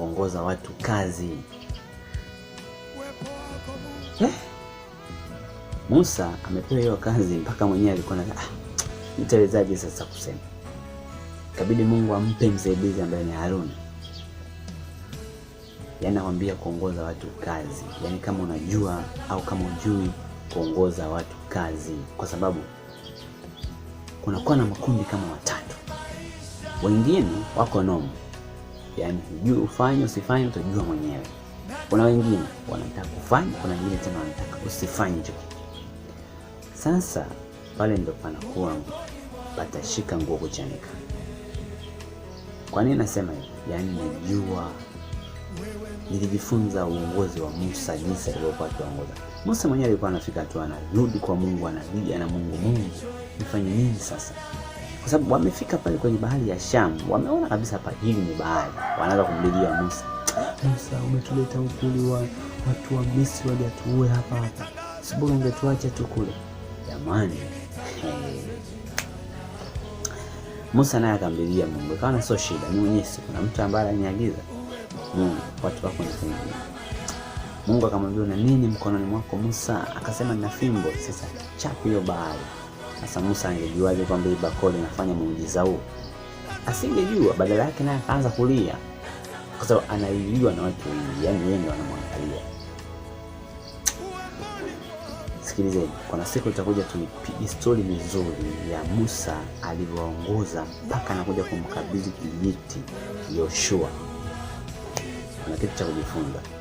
kuongoza watu kazi eh. Musa amepewa hiyo kazi mpaka mwenyewe alikuwa na ah, nitawezaje sasa kusema. Kabidi Mungu ampe msaidizi ambaye ni Haruni, yaani kuongoza watu kazi, yaani kama unajua au kama ujui kuongoza watu kazi, kwa sababu kunakuwa na makundi kama watatu, wengine wako nomo yani ujue ufanye usifanye, utajua mwenyewe. Kuna wengine wanataka kufanya, kuna wengine tena wanataka usifanye hicho kitu. Sasa pale ndo panakuwa patashika nguo kuchanika. Kwa nini nasema hivi? Yaani najua nilijifunza uongozi wa Musa, jinsi alivyokuwa akiongoza. Musa mwenyewe alikuwa anafika tu, anarudi kwa Mungu, anarudi ana Mungu, Mungu nifanye nini sasa kwa sababu wamefika pale kwenye bahari ya Sham, wameona kabisa hapa hili ni bahari. Wanaanza kumlilia Musa, Musa umetuleta ukuli wa, watu wa Misri waje tuue hapa hapa, sibora ungetuacha tu kule jamani. Musa naye akamlilia Mungu, ikaona sio shida, ni mwenyewe kuna mtu ambaye ananiagiza Mungu, watu wako ni kwenye Mungu akamwambia, na nini mkononi mwako Musa? Akasema, na fimbo. Sasa chapu hiyo bahari sasa Musa angejuaje kwamba hii bakoli inafanya muujiza huu? Asingejua, badala yake naye akaanza kulia, kwa sababu analiwa na watu wengi, yani wengi wanamwangalia. Sikilizeni, kuna siku itakuja tuipige stori vizuri ya Musa alivyoongoza mpaka anakuja kumkabidhi kijiti Yoshua. Kuna kitu cha kujifunza.